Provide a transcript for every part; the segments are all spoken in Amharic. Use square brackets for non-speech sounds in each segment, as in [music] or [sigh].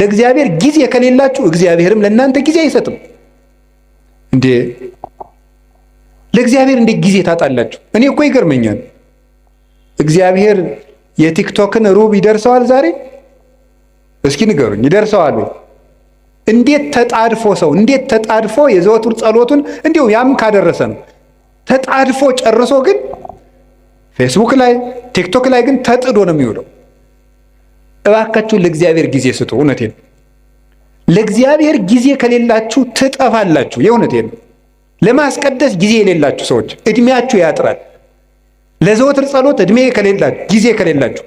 ለእግዚአብሔር ጊዜ ከሌላችሁ እግዚአብሔርም ለእናንተ ጊዜ አይሰጥም። እንዴ ለእግዚአብሔር እንዴት ጊዜ ታጣላችሁ? እኔ እኮ ይገርመኛል። እግዚአብሔር የቲክቶክን ሩብ ይደርሰዋል ዛሬ? እስኪ ንገሩኝ፣ ይደርሰዋል ወይ? እንዴት ተጣድፎ ሰው እንዴት ተጣድፎ የዘወትር ጸሎቱን እንዲሁም ያም ካደረሰ ነው ተጣድፎ ጨርሶ ግን ፌስቡክ ላይ ቲክቶክ ላይ ግን ተጥዶ ነው የሚውለው። እባካችሁ ለእግዚአብሔር ጊዜ ስጡ። እውነቴ ነው። ለእግዚአብሔር ጊዜ ከሌላችሁ ትጠፋላችሁ። የእውነቴ ነው። ለማስቀደስ ጊዜ የሌላችሁ ሰዎች እድሜያችሁ ያጥራል። ለዘወትር ጸሎት እድሜ ከሌላችሁ ጊዜ ከሌላችሁ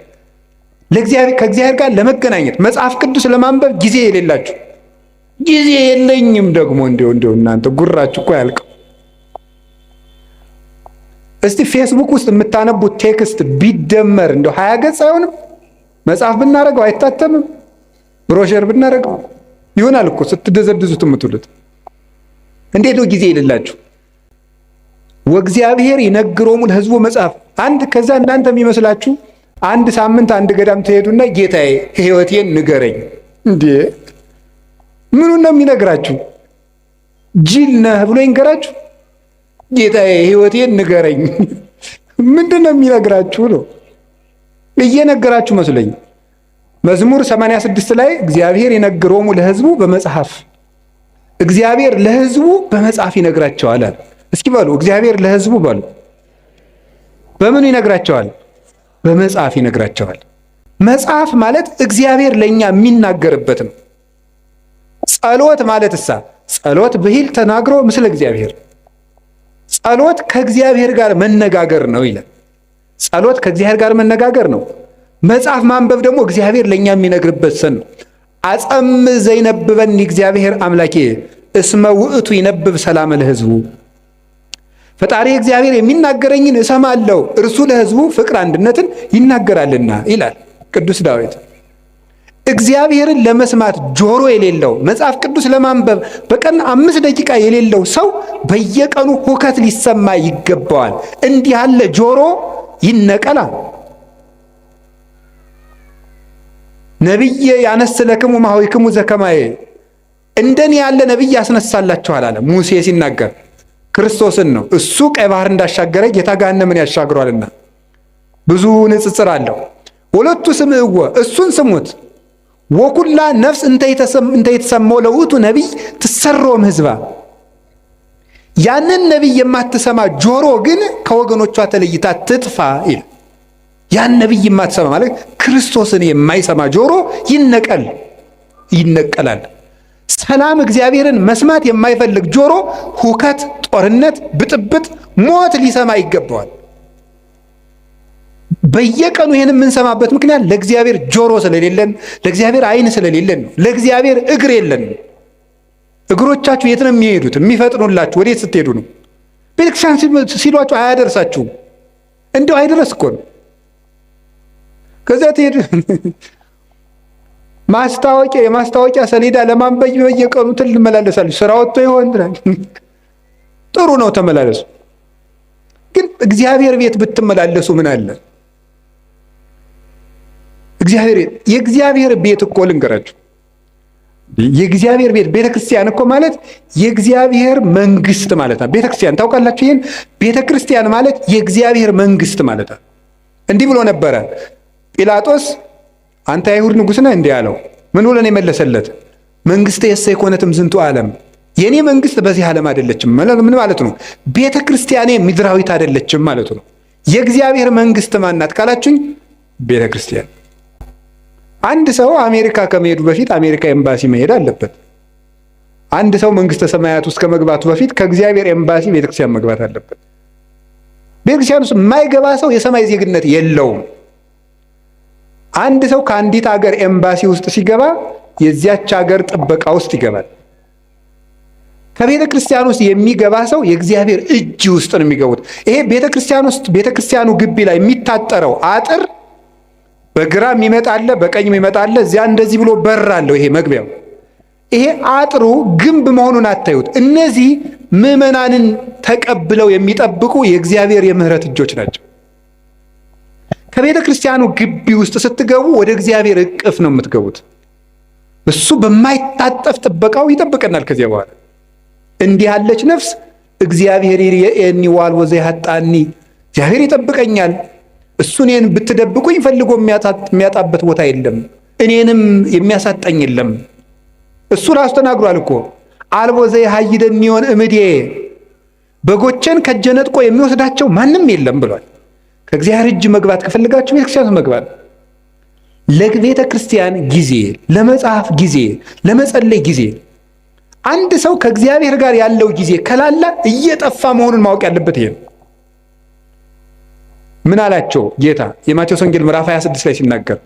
ከእግዚአብሔር ጋር ለመገናኘት መጽሐፍ ቅዱስ ለማንበብ ጊዜ የሌላችሁ ጊዜ የለኝም ደግሞ እንዲሁ እንዲሁ እናንተ ጉራችሁ እኮ ያልቀው። እስቲ ፌስቡክ ውስጥ የምታነቡት ቴክስት ቢደመር እንደው ሀያ ገጽ አይሆንም። መጽሐፍ ብናደርገው አይታተምም። ብሮሸር ብናደርገው ይሆናል እኮ ስትደዘድዙት የምትሉት እንዴት ነው? ጊዜ የሌላችሁ ወእግዚአብሔር ይነግሮሙ ለህዝቡ መጽሐፍ አንድ ከዛ እናንተ የሚመስላችሁ አንድ ሳምንት አንድ ገዳም ትሄዱና ጌታዬ ህይወቴን ንገረኝ እንዴ! ምኑን ነው የሚነግራችሁ? ጅል ነህ ብሎ ይንገራችሁ? ጌታዬ ህይወቴን ንገረኝ [laughs] ምንድን ነው የሚነግራችሁ ነው? እየነገራችሁ መስለኝ። መዝሙር 86 ላይ እግዚአብሔር ይነግሮሙ ለሕዝቡ በመጽሐፍ እግዚአብሔር ለህዝቡ በመጽሐፍ ይነግራቸዋል አለ። እስኪ በሉ እግዚአብሔር ለህዝቡ በሉ በምኑ ይነግራቸዋል? በመጽሐፍ ይነግራቸዋል። መጽሐፍ ማለት እግዚአብሔር ለእኛ የሚናገርበት ነው። ጸሎት ማለት እሳ ጸሎት ብሂል ተናግሮ ምስለ እግዚአብሔር ጸሎት ከእግዚአብሔር ጋር መነጋገር ነው ይላል። ጸሎት ከእግዚአብሔር ጋር መነጋገር ነው። መጽሐፍ ማንበብ ደግሞ እግዚአብሔር ለእኛ የሚነግርበት ሰን ነው። አጸም ዘይነብበን እግዚአብሔር አምላኬ እስመ ውእቱ ይነብብ ሰላም ለሕዝቡ ፈጣሪ እግዚአብሔር የሚናገረኝን እሰማለሁ፣ እርሱ ለሕዝቡ ፍቅር አንድነትን ይናገራልና ይላል ቅዱስ ዳዊት። እግዚአብሔርን ለመስማት ጆሮ የሌለው መጽሐፍ ቅዱስ ለማንበብ በቀን አምስት ደቂቃ የሌለው ሰው በየቀኑ ሁከት ሊሰማ ይገባዋል። እንዲህ ያለ ጆሮ ይነቀላል። ነብዬ ያነስለክሙ ማሆይክሙ ዘከማዬ እንደኔ ያለ ነቢይ ያስነሳላችኋል አለ ሙሴ ሲናገር ክርስቶስን ነው። እሱ ቀይ ባህር እንዳሻገረ ጌታ ጋነምን ያሻግሯልና ብዙ ንጽጽር አለው። ወለቱ እወ እሱን ስሙት ወኩላ ነፍስ እንተ የተሰማው ለውቱ ነቢይ ትሰሮም ህዝባ ያንን ነቢይ የማትሰማ ጆሮ ግን ከወገኖቿ ተለይታ ትጥፋ ይል ያን ነቢይ የማትሰማ ማለት ክርስቶስን የማይሰማ ጆሮ ይነቀል ይነቀላል። ሰላም እግዚአብሔርን መስማት የማይፈልግ ጆሮ ሁከት፣ ጦርነት፣ ብጥብጥ፣ ሞት ሊሰማ ይገባዋል። በየቀኑ ይህን የምንሰማበት ምክንያት ለእግዚአብሔር ጆሮ ስለሌለን፣ ለእግዚአብሔር ዓይን ስለሌለን ነው። ለእግዚአብሔር እግር የለን እግሮቻችሁ የት ነው የሚሄዱት? የሚፈጥኑላችሁ ወዴት ስትሄዱ ነው? ቤተክርስቲያን ሲሏችሁ አያደርሳችሁም። እንደው አይደረስ እኮ ነው። ከዚያ ትሄዱ [laughs] ማስታወቂያ የማስታወቂያ ሰሌዳ ለማንበብ በየቀኑ ትል ልመላለሳለሁ። ስራ ወጥቶ ይሆን [laughs] ጥሩ ነው ተመላለሱ። ግን እግዚአብሔር ቤት ብትመላለሱ ምን አለ? እግዚአብሔር የእግዚአብሔር ቤት እኮ ልንገራችሁ የእግዚአብሔር ቤት ቤተክርስቲያን እኮ ማለት የእግዚአብሔር መንግስት ማለት ነው። ቤተክርስቲያን ታውቃላችሁ፣ ይህን ቤተክርስቲያን ማለት የእግዚአብሔር መንግስት ማለት ነው። እንዲህ ብሎ ነበረ ጲላጦስ፣ አንተ አይሁድ ንጉሥ ነህ እንዲህ አለው። ምን ብሎ ነው የመለሰለት? መንግስት የሰ የኮነትም ዝንቱ ዓለም የእኔ መንግስት በዚህ ዓለም አይደለችም። ምን ማለት ነው? ቤተ ክርስቲያኔ ምድራዊት አይደለችም ማለት ነው። የእግዚአብሔር መንግስት ማናት ካላችሁኝ ቤተ ክርስቲያን አንድ ሰው አሜሪካ ከመሄዱ በፊት አሜሪካ ኤምባሲ መሄድ አለበት። አንድ ሰው መንግስተ ሰማያት ውስጥ ከመግባቱ በፊት ከእግዚአብሔር ኤምባሲ ቤተክርስቲያን መግባት አለበት። ቤተክርስቲያን ውስጥ የማይገባ ሰው የሰማይ ዜግነት የለውም። አንድ ሰው ከአንዲት አገር ኤምባሲ ውስጥ ሲገባ የዚያች ሀገር ጥበቃ ውስጥ ይገባል። ከቤተ ክርስቲያን ውስጥ የሚገባ ሰው የእግዚአብሔር እጅ ውስጥ ነው የሚገቡት። ይሄ ቤተ ክርስቲያን ውስጥ ቤተ ክርስቲያኑ ግቢ ላይ የሚታጠረው አጥር በግራ የሚመጣለ በቀኝ የሚመጣለ እዚያ እንደዚህ ብሎ በር አለው። ይሄ መግቢያው ይሄ አጥሩ ግንብ መሆኑን አታዩት። እነዚህ ምዕመናንን ተቀብለው የሚጠብቁ የእግዚአብሔር የምሕረት እጆች ናቸው። ከቤተ ክርስቲያኑ ግቢ ውስጥ ስትገቡ ወደ እግዚአብሔር እቅፍ ነው የምትገቡት። እሱ በማይታጠፍ ጥበቃው ይጠብቀናል። ከዚያ በኋላ እንዲህ ያለች ነፍስ እግዚአብሔር የኔ ዋልወ ዘይሃጣኒ እግዚአብሔር ይጠብቀኛል እሱ እኔን ብትደብቁኝ ፈልጎ የሚያጣበት ቦታ የለም፣ እኔንም የሚያሳጣኝ የለም። እሱ ራሱ ተናግሯል እኮ አልቦ ዘይ ሀይደ የሚሆን እምዴ በጎቼን ከጀነጥቆ ነጥቆ የሚወስዳቸው ማንም የለም ብሏል። ከእግዚአብሔር እጅ መግባት ከፈልጋችሁ ቤተክርስቲያን መግባት ለቤተ ክርስቲያን ጊዜ፣ ለመጽሐፍ ጊዜ፣ ለመጸለይ ጊዜ አንድ ሰው ከእግዚአብሔር ጋር ያለው ጊዜ ከላላ እየጠፋ መሆኑን ማወቅ ያለበት ይሄ ነው። ምን አላቸው ጌታ? የማቴዎስ ወንጌል ምዕራፍ 26 ላይ ሲናገር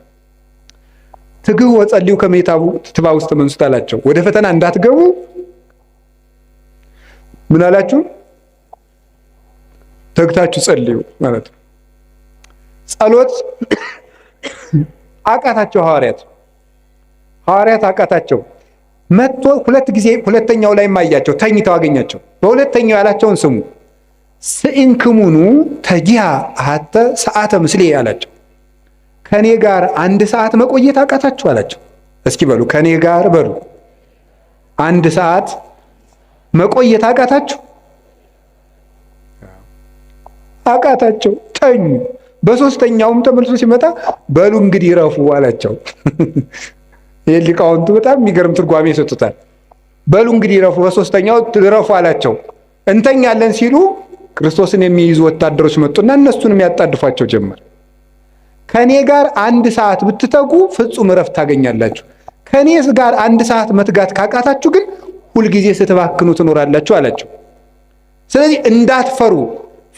ትግሁ ወጸልዩ ከመይታቡ ትባ ውስጥ መንሱት አላቸው። ወደ ፈተና እንዳትገቡ ምን አላችሁ? ተግታችሁ ጸልዩ ማለት ነው። ጸሎት አቃታቸው ሐዋርያት ሐዋርያት አቃታቸው። መጥቶ ሁለት ጊዜ ሁለተኛው ላይ ማያቸው ተኝተው አገኛቸው። በሁለተኛው ያላቸውን ስሙ ስኢንክሙኑ ተጊሃ አሐተ ሰዓተ ምስሌ አላቸው። ከኔ ጋር አንድ ሰዓት መቆየት አቃታችሁ አላቸው። እስኪ በሉ ከኔ ጋር በሉ አንድ ሰዓት መቆየት አቃታችሁ። አቃታቸው ተኙ። በሶስተኛውም ተመልሶ ሲመጣ በሉ እንግዲህ ረፉ አላቸው። [laughs] ይህ በጣም የሚገርም ትርጓሜ ይሰጡታል። በሉ እንግዲህ ረፉ፣ በሶስተኛው ረፉ አላቸው። እንተኛለን ሲሉ ክርስቶስን የሚይዙ ወታደሮች መጡና እነሱንም ያጣድፏቸው ጀመር። ከኔ ጋር አንድ ሰዓት ብትተጉ ፍጹም እረፍት ታገኛላችሁ፣ ከኔ ጋር አንድ ሰዓት መትጋት ካቃታችሁ ግን ሁልጊዜ ስትባክኑ ትኖራላችሁ አላቸው። ስለዚህ እንዳትፈሩ፣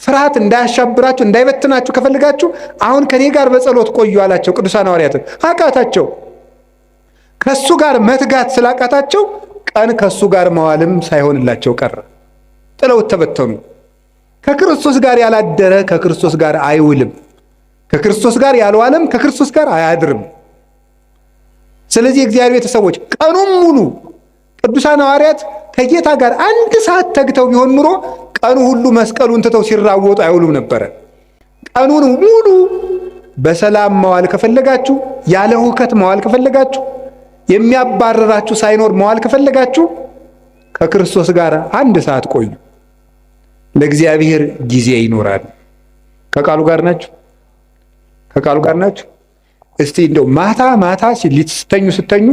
ፍርሃት እንዳያሻብራችሁ፣ እንዳይበትናችሁ ከፈልጋችሁ አሁን ከኔ ጋር በጸሎት ቆዩ አላቸው። ቅዱሳን ሐዋርያትን አቃታቸው። ከሱ ጋር መትጋት ስላቃታቸው ቀን ከሱ ጋር መዋልም ሳይሆንላቸው ቀረ፣ ጥለውት ተበተኑ። ከክርስቶስ ጋር ያላደረ ከክርስቶስ ጋር አይውልም። ከክርስቶስ ጋር ያልዋለም ከክርስቶስ ጋር አያድርም። ስለዚህ የእግዚአብሔር ቤተሰቦች ቀኑን ሙሉ ቅዱሳን ሐዋርያት ከጌታ ጋር አንድ ሰዓት ተግተው ቢሆን ኑሮ ቀኑ ሁሉ መስቀሉን ትተው ሲራወጡ አይውሉም ነበረ። ቀኑን ሙሉ በሰላም መዋል ከፈለጋችሁ፣ ያለ ሁከት መዋል ከፈለጋችሁ፣ የሚያባረራችሁ ሳይኖር መዋል ከፈለጋችሁ ከክርስቶስ ጋር አንድ ሰዓት ቆዩ። ለእግዚአብሔር ጊዜ ይኖራል። ከቃሉ ጋር ናችሁ? ከቃሉ ጋር ናችሁ? እስቲ እንደው ማታ ማታ ሊስተኙ ስተኙ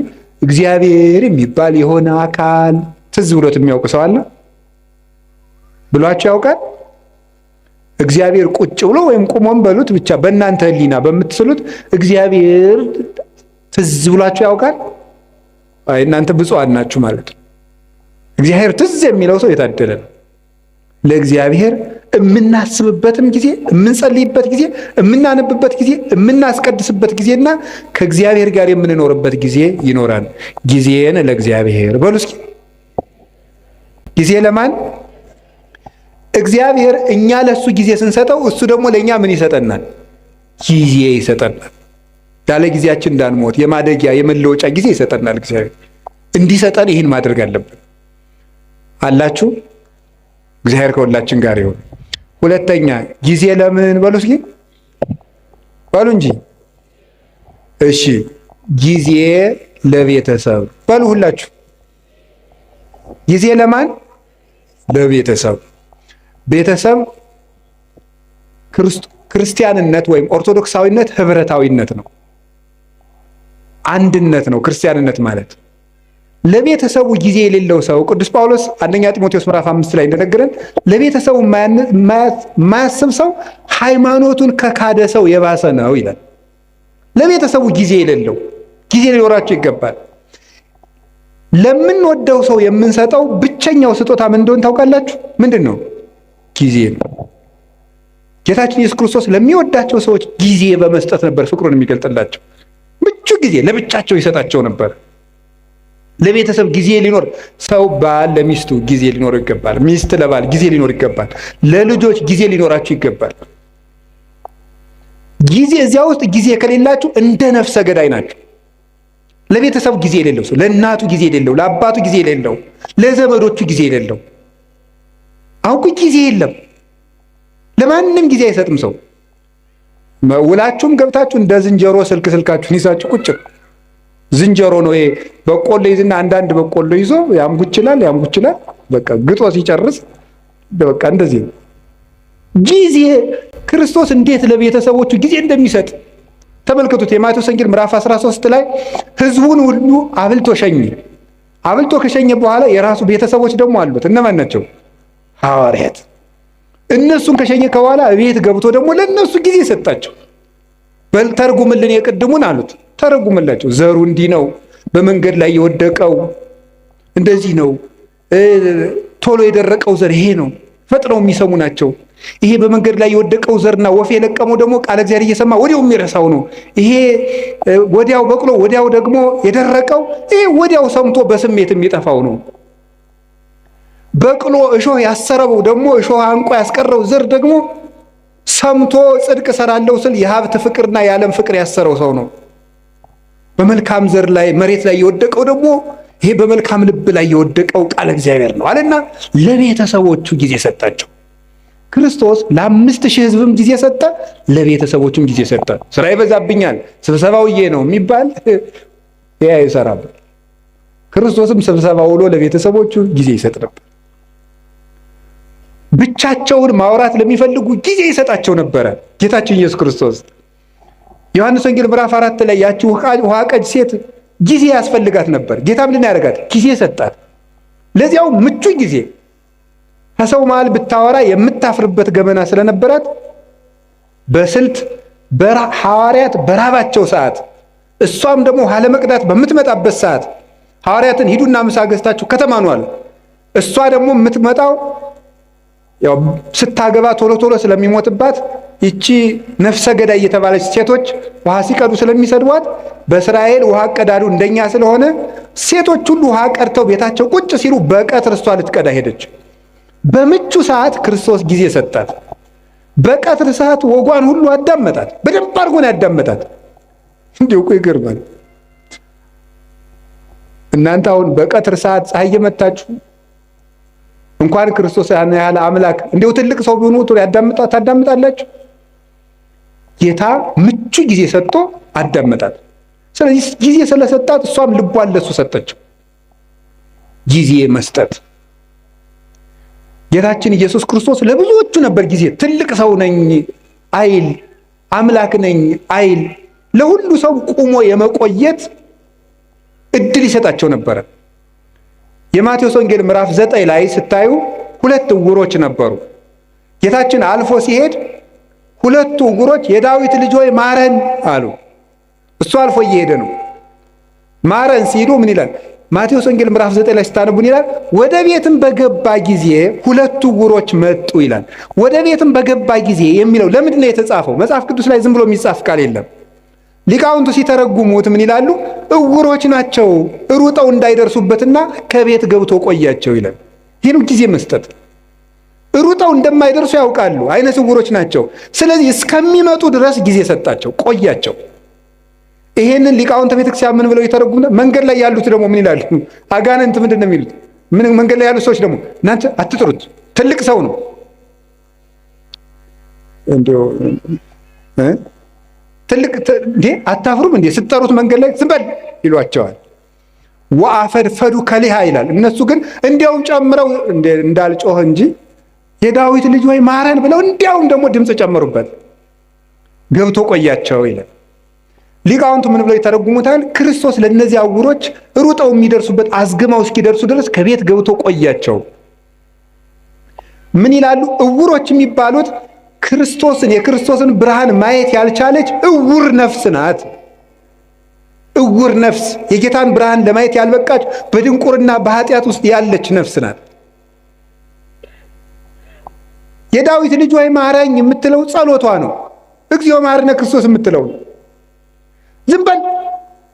እግዚአብሔር የሚባል የሆነ አካል ትዝ ብሎት የሚያውቅ ሰው አለ ብሏቸው ያውቃል? እግዚአብሔር ቁጭ ብሎ ወይም ቁሞም በሉት ብቻ በእናንተ ህሊና በምትስሉት እግዚአብሔር ትዝ ብሏቸው ያውቃል? አይ እናንተ ብፁዓን ናችሁ ማለት ነው። እግዚአብሔር ትዝ የሚለው ሰው የታደለ ነው። ለእግዚአብሔር የምናስብበትም ጊዜ የምንጸልይበት ጊዜ የምናነብበት ጊዜ የምናስቀድስበት ጊዜና ከእግዚአብሔር ጋር የምንኖርበት ጊዜ ይኖራል። ጊዜን ለእግዚአብሔር በሉ እስኪ። ጊዜ ለማን? እግዚአብሔር እኛ ለእሱ ጊዜ ስንሰጠው እሱ ደግሞ ለእኛ ምን ይሰጠናል? ጊዜ ይሰጠናል። ያለ ጊዜያችን እንዳንሞት የማደጊያ የመለወጫ ጊዜ ይሰጠናል። እግዚአብሔር እንዲሰጠን ይህን ማድረግ አለብን። አላችሁ እግዚአብሔር ከሁላችን ጋር ይሁን። ሁለተኛ ጊዜ ለምን በሉ እስኪ በሉ እንጂ እሺ፣ ጊዜ ለቤተሰብ በሉ ሁላችሁ። ጊዜ ለማን? ለቤተሰብ። ቤተሰብ ክርስቲያንነት ወይም ኦርቶዶክሳዊነት ህብረታዊነት ነው፣ አንድነት ነው ክርስቲያንነት ማለት ለቤተሰቡ ጊዜ የሌለው ሰው ቅዱስ ጳውሎስ አንደኛ ጢሞቴዎስ ምዕራፍ አምስት ላይ እንደነገረን ለቤተሰቡ የማያስብ ሰው ሃይማኖቱን ከካደ ሰው የባሰ ነው ይላል። ለቤተሰቡ ጊዜ የሌለው ጊዜ ሊኖራቸው ይገባል። ለምንወደው ሰው የምንሰጠው ብቸኛው ስጦታ ምን እንደሆን ታውቃላችሁ? ምንድን ነው? ጊዜ ነው። ጌታችን ኢየሱስ ክርስቶስ ለሚወዳቸው ሰዎች ጊዜ በመስጠት ነበር ፍቅሩን የሚገልጥላቸው። ምቹ ጊዜ ለብቻቸው ይሰጣቸው ነበር። ለቤተሰብ ጊዜ ሊኖር ሰው ባል ለሚስቱ ጊዜ ሊኖር ይገባል። ሚስት ለባል ጊዜ ሊኖር ይገባል። ለልጆች ጊዜ ሊኖራችሁ ይገባል። ጊዜ እዚያ ውስጥ ጊዜ ከሌላችሁ እንደ ነፍሰ ገዳይ ናችሁ። ለቤተሰብ ጊዜ የሌለው ሰው ለእናቱ ጊዜ የሌለው ለአባቱ ጊዜ የሌለው ለዘመዶቹ ጊዜ የሌለው አውቁ ጊዜ የለም፣ ለማንም ጊዜ አይሰጥም ሰው። ውላችሁም ገብታችሁ እንደ ዝንጀሮ ስልክ ስልካችሁን ይዛችሁ ቁጭ ዝንጀሮ ነው ይሄ። በቆሎ ይዝና አንዳንድ በቆሎ ይዞ ያምጉ ይችላል በቃ ግጦ ሲጨርስ በቃ እንደዚህ ነው። ጊዜ ክርስቶስ እንዴት ለቤተሰቦቹ ጊዜ እንደሚሰጥ ተመልከቱት። የማቴዎስ ወንጌል ምዕራፍ 13 ላይ ህዝቡን ሁሉ አብልቶ ሸኘ። አብልቶ ከሸኘ በኋላ የራሱ ቤተሰቦች ደግሞ አሉት። እነማን ናቸው? ሐዋርያት። እነሱን ከሸኘ ከኋላ ቤት ገብቶ ደግሞ ለእነሱ ጊዜ ሰጣቸው። በል ተርጉምልን የቅድሙን አሉት። ተረጉምላቸው ዘሩ እንዲህ ነው፣ በመንገድ ላይ የወደቀው እንደዚህ ነው፣ ቶሎ የደረቀው ዘር ይሄ ነው። ፈጥነው የሚሰሙ ናቸው። ይሄ በመንገድ ላይ የወደቀው ዘርና ወፍ የለቀመው ደግሞ ቃለ እግዚአብሔር እየሰማ ወዲያው የሚረሳው ነው። ይሄ ወዲያው በቅሎ ወዲያው ደግሞ የደረቀው ይሄ ወዲያው ሰምቶ በስሜት የሚጠፋው ነው። በቅሎ እሾህ ያሰረበው ደግሞ እሾህ አንቆ ያስቀረው ዘር ደግሞ ሰምቶ ጽድቅ እሰራለሁ ስል የሀብት ፍቅርና የዓለም ፍቅር ያሰረው ሰው ነው። በመልካም ዘር ላይ መሬት ላይ የወደቀው ደግሞ ይሄ በመልካም ልብ ላይ የወደቀው ቃለ እግዚአብሔር ነው አለና ለቤተሰቦቹ ጊዜ ሰጣቸው። ክርስቶስ ለአምስት ሺህ ህዝብም ጊዜ ሰጠ፣ ለቤተሰቦቹም ጊዜ ሰጠ። ስራ ይበዛብኛል፣ ስብሰባው ውዬ ነው የሚባል [laughs] ያ ይሰራል። ክርስቶስም ስብሰባ ውሎ ለቤተሰቦቹ ጊዜ ይሰጥ ነበር። ብቻቸውን ማውራት ለሚፈልጉ ጊዜ ይሰጣቸው ነበረ ጌታችን ኢየሱስ ክርስቶስ። ዮሐንስ ወንጌል ምዕራፍ አራት ላይ ያቺ ውሃ ቀጅ ሴት ጊዜ ያስፈልጋት ነበር። ጌታ ምንድን ያደርጋት? ጊዜ ሰጣት። ለዚያው ምቹ ጊዜ ከሰው መሃል ብታወራ የምታፍርበት ገመና ስለነበራት በስልት ሐዋርያት በራባቸው ሰዓት እሷም ደግሞ ውሃ ለመቅዳት በምትመጣበት ሰዓት ሐዋርያትን ሂዱና ምሳ ገዝታችሁ ከተማኗል እሷ ደግሞ የምትመጣው ያው ስታገባ ቶሎ ቶሎ ስለሚሞትባት ይቺ ነፍሰ ገዳይ እየተባለች ሴቶች ውሃ ሲቀዱ ስለሚሰድቧት በእስራኤል ውሃ ቀዳዱ እንደኛ ስለሆነ ሴቶች ሁሉ ውሃ ቀድተው ቤታቸው ቁጭ ሲሉ በቀትር እሷ ልትቀዳ ሄደች። በምቹ ሰዓት ክርስቶስ ጊዜ ሰጣት። በቀትር ሰዓት ወጓን ሁሉ አዳመጣት። በደንብ አድርጎ ነው ያዳመጣት። እንዲሁ እኮ ይገርማል። እናንተ አሁን በቀትር ሰዓት ፀሐይ እየመታችሁ እንኳን ክርስቶስ ያን ያህል አምላክ እንዲሁ ትልቅ ሰው ቢሆኑ ያዳምጣ ታዳምጣላችሁ። ጌታ ምቹ ጊዜ ሰጥቶ አዳመጣት። ስለዚህ ጊዜ ስለሰጣት እሷም ልቧን ለሱ ሰጠችው። ጊዜ መስጠት ጌታችን ኢየሱስ ክርስቶስ ለብዙዎቹ ነበር ጊዜ ትልቅ ሰው ነኝ አይል፣ አምላክ ነኝ አይል። ለሁሉ ሰው ቁሞ የመቆየት እድል ይሰጣቸው ነበረ። የማቴዎስ ወንጌል ምዕራፍ ዘጠኝ ላይ ስታዩ ሁለት እውሮች ነበሩ። ጌታችን አልፎ ሲሄድ ሁለቱ እውሮች የዳዊት ልጅ ሆይ ማረን አሉ። እሱ አልፎ እየሄደ ነው። ማረን ሲሉ ምን ይላል? ማቴዎስ ወንጌል ምዕራፍ ዘጠኝ ላይ ስታነቡን ይላል ወደ ቤትም በገባ ጊዜ ሁለቱ ዕውሮች መጡ ይላል። ወደ ቤትም በገባ ጊዜ የሚለው ለምንድን ነው የተጻፈው? መጽሐፍ ቅዱስ ላይ ዝም ብሎ የሚጻፍ ቃል የለም። ሊቃውንቱ ሲተረጉሙት ምን ይላሉ? እውሮች ናቸው ሩጠው እንዳይደርሱበትና ከቤት ገብቶ ቆያቸው ይላል። ይህን ጊዜ መስጠት ሩጠው እንደማይደርሱ ያውቃሉ፣ አይነ ስውሮች ናቸው። ስለዚህ እስከሚመጡ ድረስ ጊዜ ሰጣቸው፣ ቆያቸው። ይሄንን ሊቃውንተ ቤተክርስቲያን ምን ብለው ይተረጉሙ። መንገድ ላይ ያሉት ደግሞ ምን ይላሉ? አጋንንት ምንድን ነው የሚሉት? ምን መንገድ ላይ ያሉት ሰዎች ደግሞ እናንተ አትጥሩት፣ ትልቅ ሰው ነው እንዲያው ትልቅ እንዴ አታፍሩም እንዴ ስትጠሩት መንገድ ላይ ዝም በል ይሏቸዋል። ወአፈድፈዱ ከሊሃ ይላል። እነሱ ግን እንዲያውም ጨምረው እንዳልጮህ እንጂ የዳዊት ልጅ ወይ ማረን ብለው እንዲያውም ደግሞ ድምፅ ጨምሩበት ገብቶ ቆያቸው ይላል። ሊቃውንቱ ምን ብለው ይተረጉሙታል? ክርስቶስ ለእነዚህ አውሮች ሩጠው የሚደርሱበት አዝግመው እስኪደርሱ ድረስ ከቤት ገብቶ ቆያቸው። ምን ይላሉ? እውሮች የሚባሉት ክርስቶስን የክርስቶስን ብርሃን ማየት ያልቻለች እውር ነፍስ ናት። እውር ነፍስ የጌታን ብርሃን ለማየት ያልበቃች በድንቁርና በኃጢአት ውስጥ ያለች ነፍስ ናት። የዳዊት ልጅ ወይ ማረኝ የምትለው ጸሎቷ ነው። እግዚኦ ማርነ ክርስቶስ የምትለው ዝም በል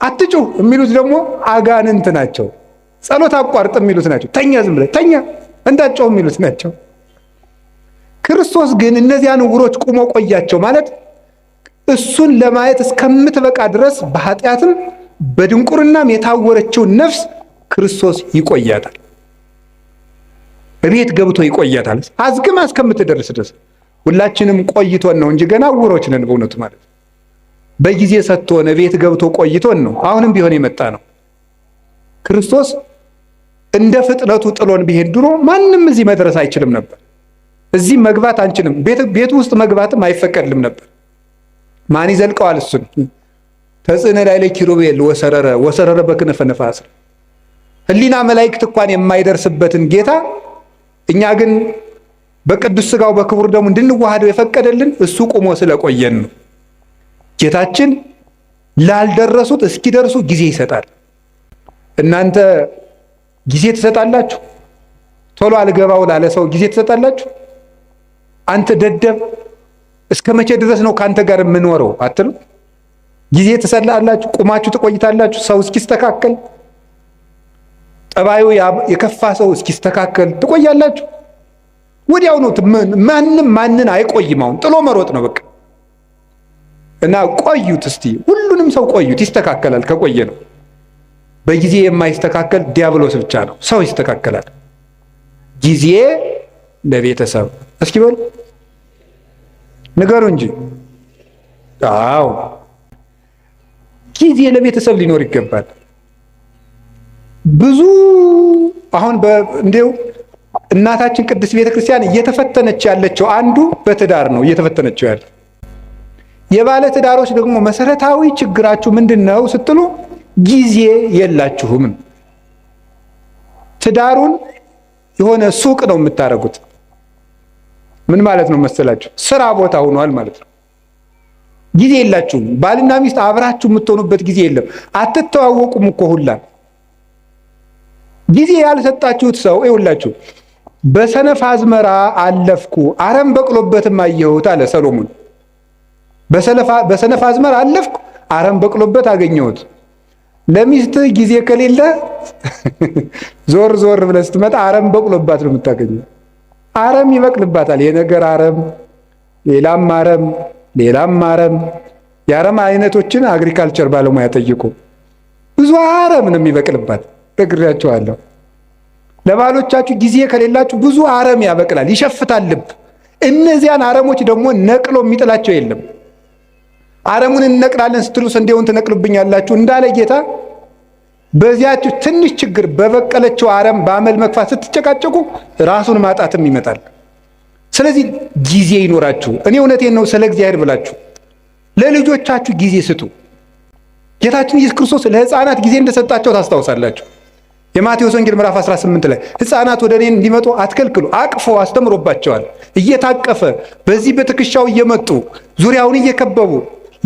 አትጩህ የሚሉት ደግሞ አጋንንት ናቸው። ጸሎት አቋርጥ የሚሉት ናቸው። ተኛ ዝም ብለህ ተኛ እንዳትጮህ የሚሉት ናቸው። ክርስቶስ ግን እነዚያን ዕውሮች ቁሞ ቆያቸው ማለት እሱን ለማየት እስከምትበቃ ድረስ በኃጢአትም በድንቁርናም የታወረችውን ነፍስ ክርስቶስ ይቆያታል። እቤት ገብቶ ይቆያታል አዝግማ እስከምትደርስ ድረስ። ሁላችንም ቆይቶን ነው እንጂ ገና ዕውሮች ነን። በእውነቱ ማለት በጊዜ ሰጥቶን እቤት ገብቶ ቆይቶን ነው አሁንም ቢሆን የመጣ ነው። ክርስቶስ እንደ ፍጥነቱ ጥሎን ቢሄድ ድሮ ማንም እዚህ መድረስ አይችልም ነበር። እዚህ መግባት አንችልም። ቤቱ ውስጥ መግባትም አይፈቀድልም ነበር። ማን ይዘልቀዋል? እሱን ተጽዕነ ላይ ለኪሩቤል ወሰረረ ወሰረረ በክነፈ ነፋስ ህሊና መላእክት እንኳን የማይደርስበትን ጌታ እኛ ግን በቅዱስ ስጋው በክቡር ደሙ እንድንዋሃደው የፈቀደልን እሱ ቁሞ ስለቆየን ነው። ጌታችን ላልደረሱት እስኪደርሱ ጊዜ ይሰጣል። እናንተ ጊዜ ትሰጣላችሁ? ቶሎ አልገባው ላለ ሰው ጊዜ ትሰጣላችሁ? አንተ ደደብ እስከ መቼ ድረስ ነው ከአንተ ጋር የምኖረው አትሉ? ጊዜ ትሰላላችሁ፣ ቁማችሁ ትቆይታላችሁ። ሰው እስኪስተካከል ጠባዩ የከፋ ሰው እስኪስተካከል ትቆያላችሁ። ወዲያው ነው ማንም ማንን አይቆይም። አሁን ጥሎ መሮጥ ነው በቃ። እና ቆዩት እስቲ ሁሉንም ሰው ቆዩት፣ ይስተካከላል። ከቆየ ነው በጊዜ የማይስተካከል ዲያብሎስ ብቻ ነው። ሰው ይስተካከላል። ጊዜ ለቤተሰብ እስኪ በሉ ንገሩ እንጂ። አዎ ጊዜ ለቤተሰብ ሊኖር ይገባል። ብዙ አሁን እንዲው እናታችን ቅድስት ቤተክርስቲያን እየተፈተነች ያለችው አንዱ በትዳር ነው እየተፈተነችው ያለ የባለ ትዳሮች ደግሞ መሰረታዊ ችግራችሁ ምንድን ነው ስትሉ ጊዜ የላችሁም። ትዳሩን የሆነ ሱቅ ነው የምታደርጉት። ምን ማለት ነው መሰላችሁ? ስራ ቦታ ሆኗል ማለት ነው። ጊዜ የላችሁም። ባልና ሚስት አብራችሁ የምትሆኑበት ጊዜ የለም። አትተዋወቁም እኮ ሁላ ጊዜ ያልሰጣችሁት ሰው ይውላችሁ። በሰነፍ አዝመራ አለፍኩ አረም በቅሎበትም አየሁት አለ ሰሎሞን። በሰነፍ አዝመራ አለፍኩ አረም በቅሎበት አገኘሁት። ለሚስት ጊዜ ከሌለ [laughs] ዞር ዞር ብለህ ስትመጣ አረም በቅሎባት ነው የምታገኘው። አረም ይበቅልባታል። የነገር አረም፣ ሌላም አረም፣ ሌላም አረም። የአረም አይነቶችን አግሪካልቸር ባለሙያ ጠይቁ። ብዙ አረም ነው የሚበቅልባት። ነግሬያቸዋለሁ። ለባሎቻችሁ ጊዜ ከሌላችሁ ብዙ አረም ያበቅላል፣ ይሸፍታል ልብ። እነዚያን አረሞች ደግሞ ነቅሎ የሚጥላቸው የለም። አረሙን እንነቅላለን ስትሉ ስንዴውን ትነቅሉብኛላችሁ እንዳለ ጌታ በዚያችሁ ትንሽ ችግር በበቀለችው አረም በአመል መግፋት ስትጨቃጨቁ ራሱን ማጣትም ይመጣል። ስለዚህ ጊዜ ይኖራችሁ። እኔ እውነቴን ነው፣ ስለ እግዚአብሔር ብላችሁ ለልጆቻችሁ ጊዜ ስጡ። ጌታችን ኢየሱስ ክርስቶስ ለሕፃናት ጊዜ እንደሰጣቸው ታስታውሳላችሁ። የማቴዎስ ወንጌል ምዕራፍ 18 ላይ ሕፃናት ወደ እኔ እንዲመጡ አትከልክሉ፣ አቅፎ አስተምሮባቸዋል። እየታቀፈ በዚህ በትከሻው እየመጡ ዙሪያውን እየከበቡ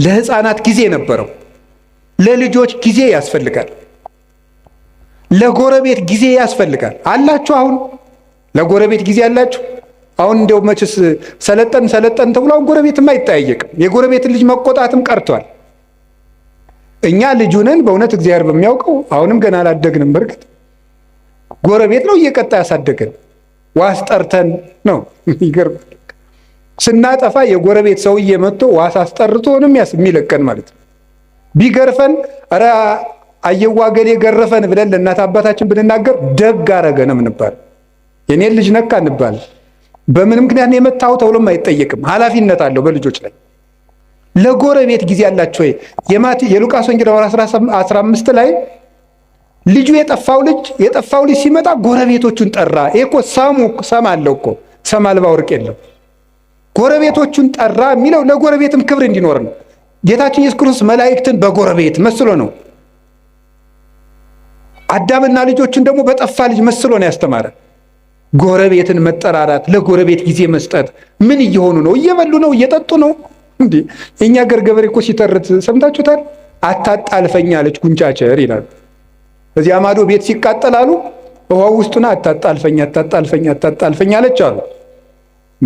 ለሕፃናት ጊዜ ነበረው። ለልጆች ጊዜ ያስፈልጋል። ለጎረቤት ጊዜ ያስፈልጋል። አላችሁ? አሁን ለጎረቤት ጊዜ አላችሁ? አሁን እንደው መችስ ሰለጠን ሰለጠን ተብሎ አሁን ጎረቤትም አይጠያየቅም። የጎረቤትን ልጅ መቆጣትም ቀርቷል። እኛ ልጁንን በእውነት እግዚአብሔር በሚያውቀው አሁንም ገና አላደግንም። በእርግጥ ጎረቤት ነው እየቀጣ ያሳደገን። ዋስ ጠርተን ነው ይገርማል። ስናጠፋ የጎረቤት ሰውዬ መጥቶ ዋስ አስጠርቶንም የሚለቀን ማለት ነው ቢገርፈን አየዋገን የገረፈን ገረፈን ብለን ለእናት አባታችን ብንናገር ደግ አረገንም ምንባል የኔ ልጅ ነካ እንባል። በምን ምክንያት ነው የመታው ተብሎም አይጠየቅም። ኃላፊነት አለው በልጆች ላይ። ለጎረቤት ጊዜ አላችሁ ወይ? የሉቃስ ወንጌል ምዕራፍ 15 ላይ ልጁ የጠፋው ልጅ የጠፋው ልጅ ሲመጣ ጎረቤቶቹን ጠራ። ይሄ እኮ ሰሙ ሰም አለው እኮ ሰም አልባ ወርቅ የለም። ጎረቤቶቹን ጠራ የሚለው ለጎረቤትም ክብር እንዲኖር ነው። ጌታችን ኢየሱስ ክርስቶስ መላእክትን በጎረቤት መስሎ ነው አዳምና ልጆችን ደግሞ በጠፋ ልጅ መስሎ ነው ያስተማረ። ጎረቤትን መጠራራት፣ ለጎረቤት ጊዜ መስጠት። ምን እየሆኑ ነው? እየበሉ ነው? እየጠጡ ነው? እንዴ እኛ ገር ገበሬ እኮ ሲተርት ሰምታችሁታል። አልፈኛ አለች ጉንጫቸር ይላል። እዚያ ማዶ ቤት ሲቃጠል አሉ ውሃ ውስጡና አታጣልፈኝ፣ አታጣልፈኝ፣ አታጣልፈኝ አለች አሉ።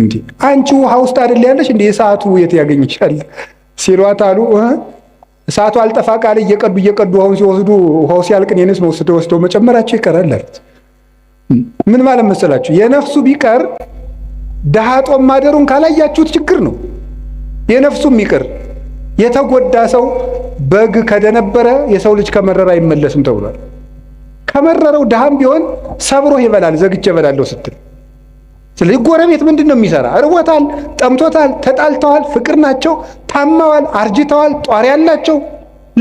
እንዴ አንቺ ውሃ ውስጥ አይደል ያለሽ እንዴ የሰዓቱ የት ያገኝሻል ሲሏት አሉ እሳቱ አልጠፋ ቃል እየቀዱ እየቀዱ ውሃውን ሲወስዱ ውሃው ሲያልቅ የኔስ መውስደ ወስደው መጨመራቸው ይቀራል አሉት። ምን ማለት መሰላችሁ? የነፍሱ ቢቀር ድሃ ጦም ማደሩን ካላያችሁት ችግር ነው። የነፍሱም ይቅር የተጎዳ ሰው በግ ከደነበረ የሰው ልጅ ከመረረ አይመለስም ተብሏል። ከመረረው ድሃም ቢሆን ሰብሮህ ይበላል። ዘግቼ እበላለሁ ስትል ስለዚህ ጎረቤት ምንድን ነው የሚሰራ? እርቦታል፣ ጠምቶታል፣ ተጣልተዋል፣ ፍቅር ናቸው፣ ታማዋል፣ አርጅተዋል፣ ጧሪ ያላቸው።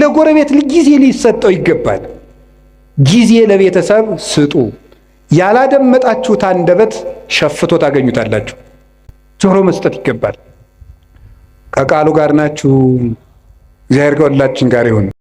ለጎረቤት ጊዜ ሊሰጠው ይገባል። ጊዜ ለቤተሰብ ስጡ። ያላደመጣችሁት አንደበት ሸፍቶ ታገኙታላችሁ። ጆሮ መስጠት ይገባል። ከቃሉ ጋር ናችሁ። እግዚአብሔር ከሁላችን ጋር ይሁን።